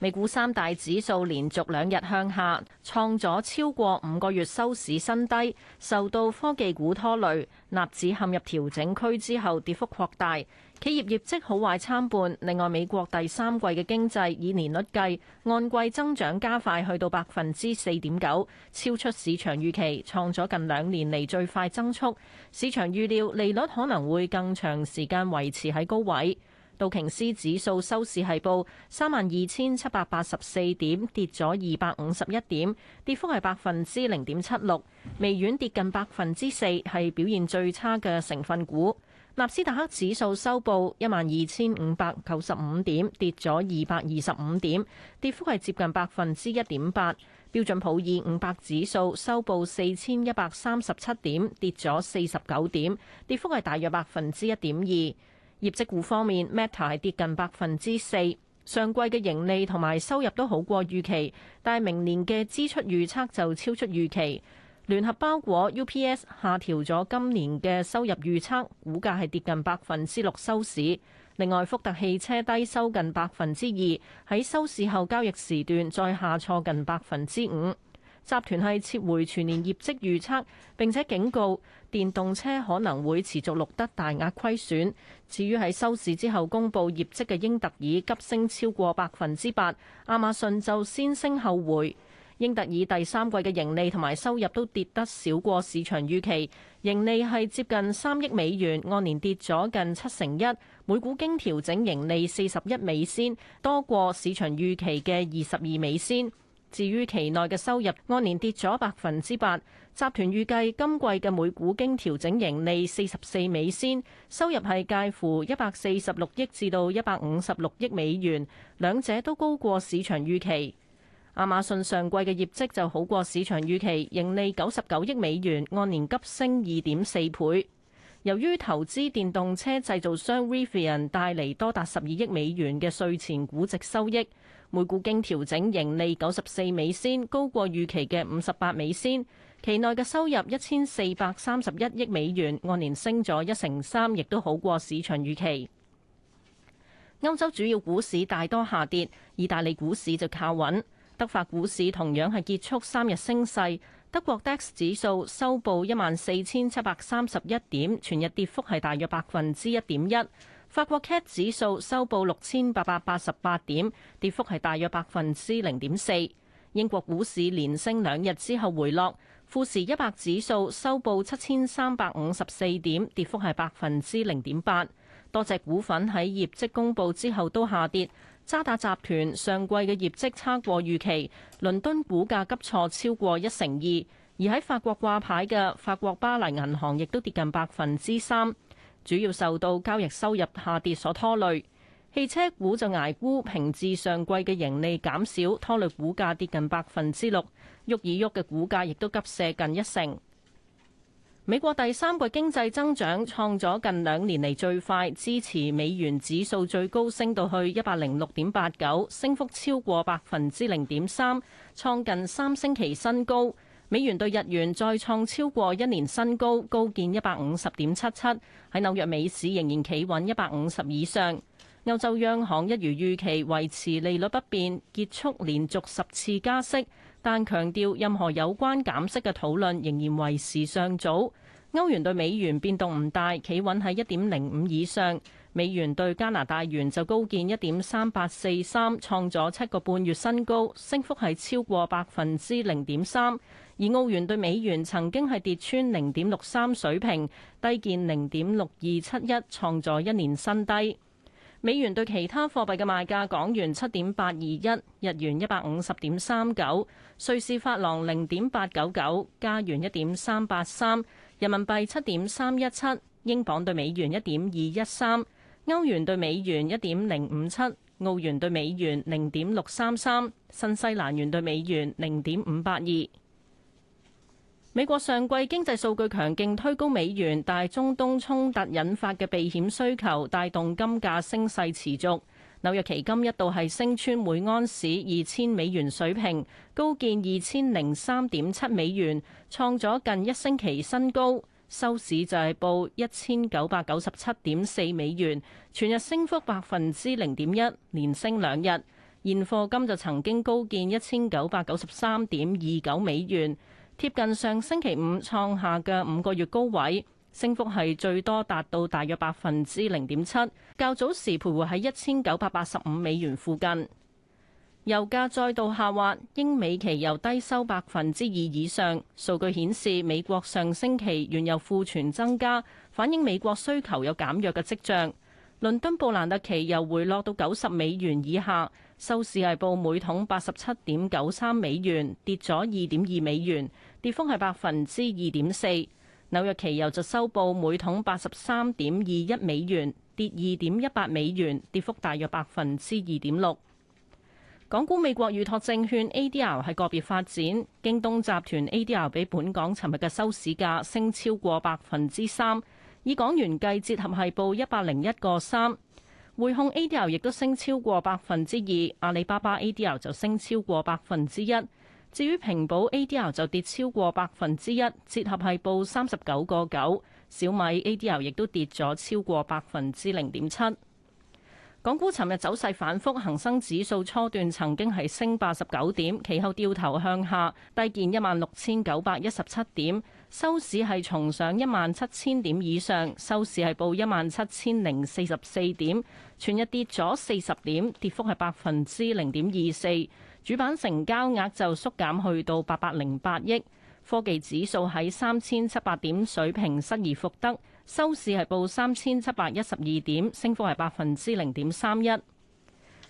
美股三大指數連續兩日向下，創咗超過五個月收市新低，受到科技股拖累，納指陷入調整區之後，跌幅擴大。企業業績好壞參半。另外，美國第三季嘅經濟以年率計，按季增長加快，去到百分之四點九，超出市場預期，創咗近兩年嚟最快增速。市場預料利率可能會更長時間維持喺高位。道瓊斯指數收市係報三萬二千七百八十四點，跌咗二百五十一點，跌幅係百分之零點七六，微軟跌近百分之四，係表現最差嘅成分股。納斯達克指數收報一萬二千五百九十五點，跌咗二百二十五點，跌幅係接近百分之一點八。標準普爾五百指數收報四千一百三十七點，跌咗四十九點，跌幅係大約百分之一點二。業績股方面，Meta 跌近百分之四，上季嘅盈利同埋收入都好過預期，但係明年嘅支出預測就超出預期。聯合包裹 UPS 下調咗今年嘅收入預測，股價係跌近百分之六收市。另外，福特汽車低收近百分之二，喺收市後交易時段再下挫近百分之五。集團係撤回全年業績預測，並且警告電動車可能會持續錄得大額虧損。至於喺收市之後公佈業績嘅英特爾急升超過百分之八，亞馬遜就先升後回。英特爾第三季嘅盈利同埋收入都跌得少過市場預期，盈利係接近三億美元，按年跌咗近七成一，每股經調整盈利四十一美仙，多過市場預期嘅二十二美仙。至於期內嘅收入，按年跌咗百分之八。集團預計今季嘅每股經調整盈利四十四美仙，收入係介乎一百四十六億至到一百五十六億美元，兩者都高過市場預期。亞馬遜上季嘅業績就好過市場預期，盈利九十九億美元，按年急升二點四倍。由於投資電動車製造商 Rivian 帶嚟多達十二億美元嘅稅前估值收益。每股經調整盈利九十四美仙，高過預期嘅五十八美仙。期內嘅收入一千四百三十一億美元，按年升咗一成三，亦都好過市場預期。歐洲主要股市大多下跌，意大利股市就靠穩，德法股市同樣係結束三日升勢。德國 DAX 指數收報一萬四千七百三十一點，全日跌幅係大約百分之一點一。法國 CAC 指數收報六千八百八十八點，跌幅係大約百分之零點四。英國股市連升兩日之後回落，富時一百指數收報七千三百五十四點，跌幅係百分之零點八。多隻股份喺業績公布之後都下跌，渣打集團上季嘅業績差過預期，倫敦股價急挫超過一成二，而喺法國掛牌嘅法國巴黎銀行亦都跌近百分之三。主要受到交易收入下跌所拖累，汽車股就捱沽，平治上季嘅盈利減少，拖累股價跌近百分之六。沃爾沃嘅股價亦都急瀉近一成。美國第三季經濟增長創咗近兩年嚟最快，支持美元指數最高升到去一百零六點八九，升幅超過百分之零點三，創近三星期新高。美元兌日元再創超過一年新高，高見一百五十點七七。喺紐約美市仍然企穩一百五十以上。歐洲央行一如預期維持利率不變，結束連續十次加息，但強調任何有關減息嘅討論仍然為時尚早。歐元對美元變動唔大，企穩喺一點零五以上。美元對加拿大元就高見一點三八四三，創咗七個半月新高，升幅係超過百分之零點三。而澳元對美元曾經係跌穿零點六三水平，低見零點六二七一，創咗一年新低。美元對其他貨幣嘅賣價：港元七點八二一，日元一百五十點三九，瑞士法郎零點八九九，加元一點三八三，人民幣七點三一七，英鎊對美元一點二一三。歐元對美元一點零五七，澳元對美元零點六三三，新西蘭元對美元零點五八二。美國上季經濟數據強勁，推高美元，但中東衝突引發嘅避險需求帶動金價升勢持續。紐約期金一度係升穿每盎司二千美元水平，高見二千零三點七美元，創咗近一星期新高。收市就係報一千九百九十七點四美元，全日升幅百分之零點一，連升兩日。現貨金就曾經高見一千九百九十三點二九美元，貼近上星期五創下嘅五個月高位，升幅係最多達到大約百分之零點七。較早時徘徊喺一千九百八十五美元附近。油價再度下滑，英美期油低收百分之二以上。數據顯示，美國上星期原油庫存增加，反映美國需求有減弱嘅跡象。倫敦布蘭特期油回落到九十美元以下，收市係報每桶八十七點九三美元，跌咗二點二美元，跌幅係百分之二點四。紐約期油就收報每桶八十三點二一美元，跌二點一八美元，跌幅大約百分之二點六。港股美國預託證券 ADR 係個別發展，京東集團 ADR 比本港尋日嘅收市價升超過百分之三，以港元計折合係報一百零一個三。匯控 ADR 亦都升超過百分之二，阿里巴巴 ADR 就升超過百分之一。至於平保 ADR 就跌超過百分之一，折合係報三十九個九。小米 ADR 亦都跌咗超過百分之零點七。港股尋日走勢反覆，恒生指數初段曾經係升八十九點，其後掉頭向下，低見一萬六千九百一十七點，收市係重上一萬七千點以上，收市係報一萬七千零四十四點，全日跌咗四十點，跌幅係百分之零點二四，主板成交額就縮減去到八百零八億，科技指數喺三千七百點水平失而復得。收市係報三千七百一十二點，升幅係百分之零點三一。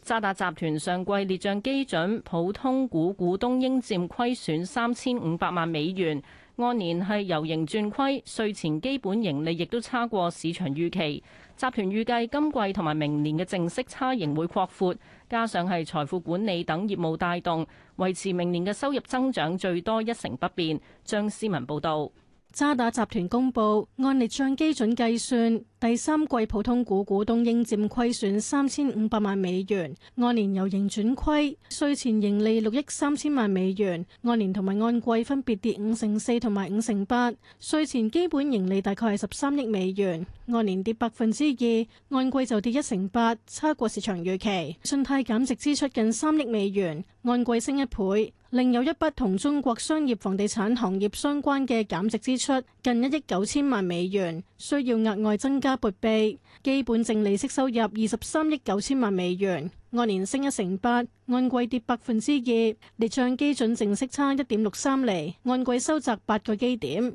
渣打集團上季列賬基準普通股股東應佔虧損三千五百萬美元，按年係由盈轉虧，稅前基本盈利亦都差過市場預期。集團預計今季同埋明年嘅淨息差仍會擴闊，加上係財富管理等業務帶動，維持明年嘅收入增長最多一成不變。張思文報導。渣打集團公布，按列賬基準計算，第三季普通股股東應佔虧損三千五百萬美元，按年由盈轉虧，稅前盈利六億三千萬美元，按年同埋按季分別跌五成四同埋五成八，稅前基本盈利大概係十三億美元，按年跌百分之二，按季就跌一成八，差過市場預期，信貸減值支出近三億美元，按季升一倍。另有一筆同中國商業房地產行業相關嘅減值支出，近一億九千萬美元，需要額外增加撥備。基本淨利息收入二十三億九千萬美元，按年升一成八，按季跌百分之二，列帳基準淨息差一點六三厘，按季收窄八個基點。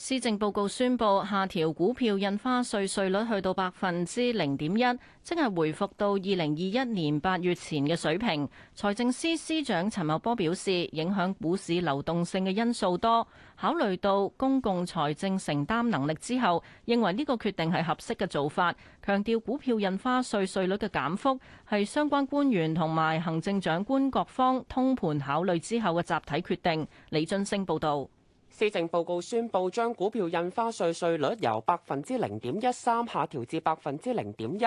施政報告宣布下調股票印花稅稅率去到百分之零點一，即係回復到二零二一年八月前嘅水平。財政司司長陳茂波表示，影響股市流動性嘅因素多，考慮到公共財政承擔能力之後，認為呢個決定係合適嘅做法。強調股票印花稅稅率嘅減幅係相關官員同埋行政長官各方通盤考慮之後嘅集體決定。李津升報導。施政報告宣布將股票印花稅稅率由百分之零點一三下調至百分之零點一，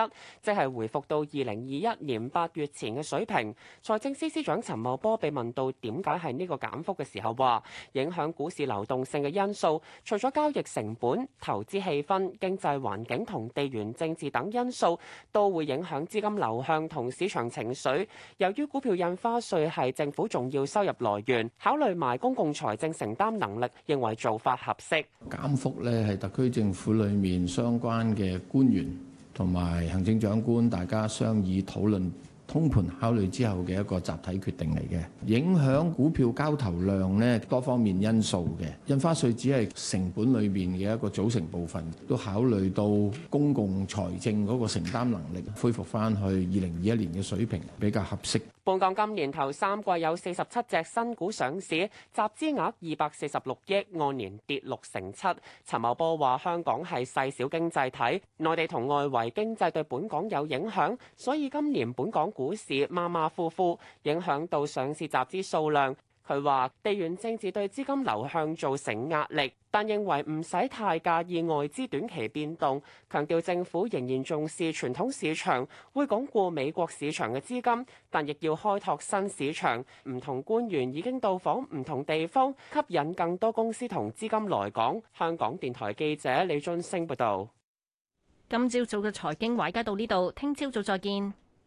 即係回復到二零二一年八月前嘅水平。財政司司長陳茂波被問到點解係呢個減幅嘅時候話：影響股市流動性嘅因素，除咗交易成本、投資氣氛、經濟環境同地緣政治等因素，都會影響資金流向同市場情緒。由於股票印花稅係政府重要收入來源，考慮埋公共財政承擔能力。認為做法合適，減幅咧係特區政府裡面相關嘅官員同埋行政長官大家商議討論通盤考慮之後嘅一個集體決定嚟嘅。影響股票交投量呢，多方面因素嘅印花稅只係成本裏面嘅一個組成部分，都考慮到公共財政嗰個承擔能力，恢復翻去二零二一年嘅水平比較合適。本港今年頭三季有四十七隻新股上市，集資額二百四十六億，按年跌六成七。陳茂波話：香港係細小，小經濟體，內地同外圍經濟對本港有影響，所以今年本港股市馬馬虎虎，影響到上市集資數量。佢話：地緣政治對資金流向造成壓力，但認為唔使太介意外資短期變動。強調政府仍然重視傳統市場，會鞏固美國市場嘅資金，但亦要開拓新市場。唔同官員已經到訪唔同地方，吸引更多公司同資金來港。香港電台記者李俊升報道：「今朝早嘅財經華爾街到呢度，聽朝早再見。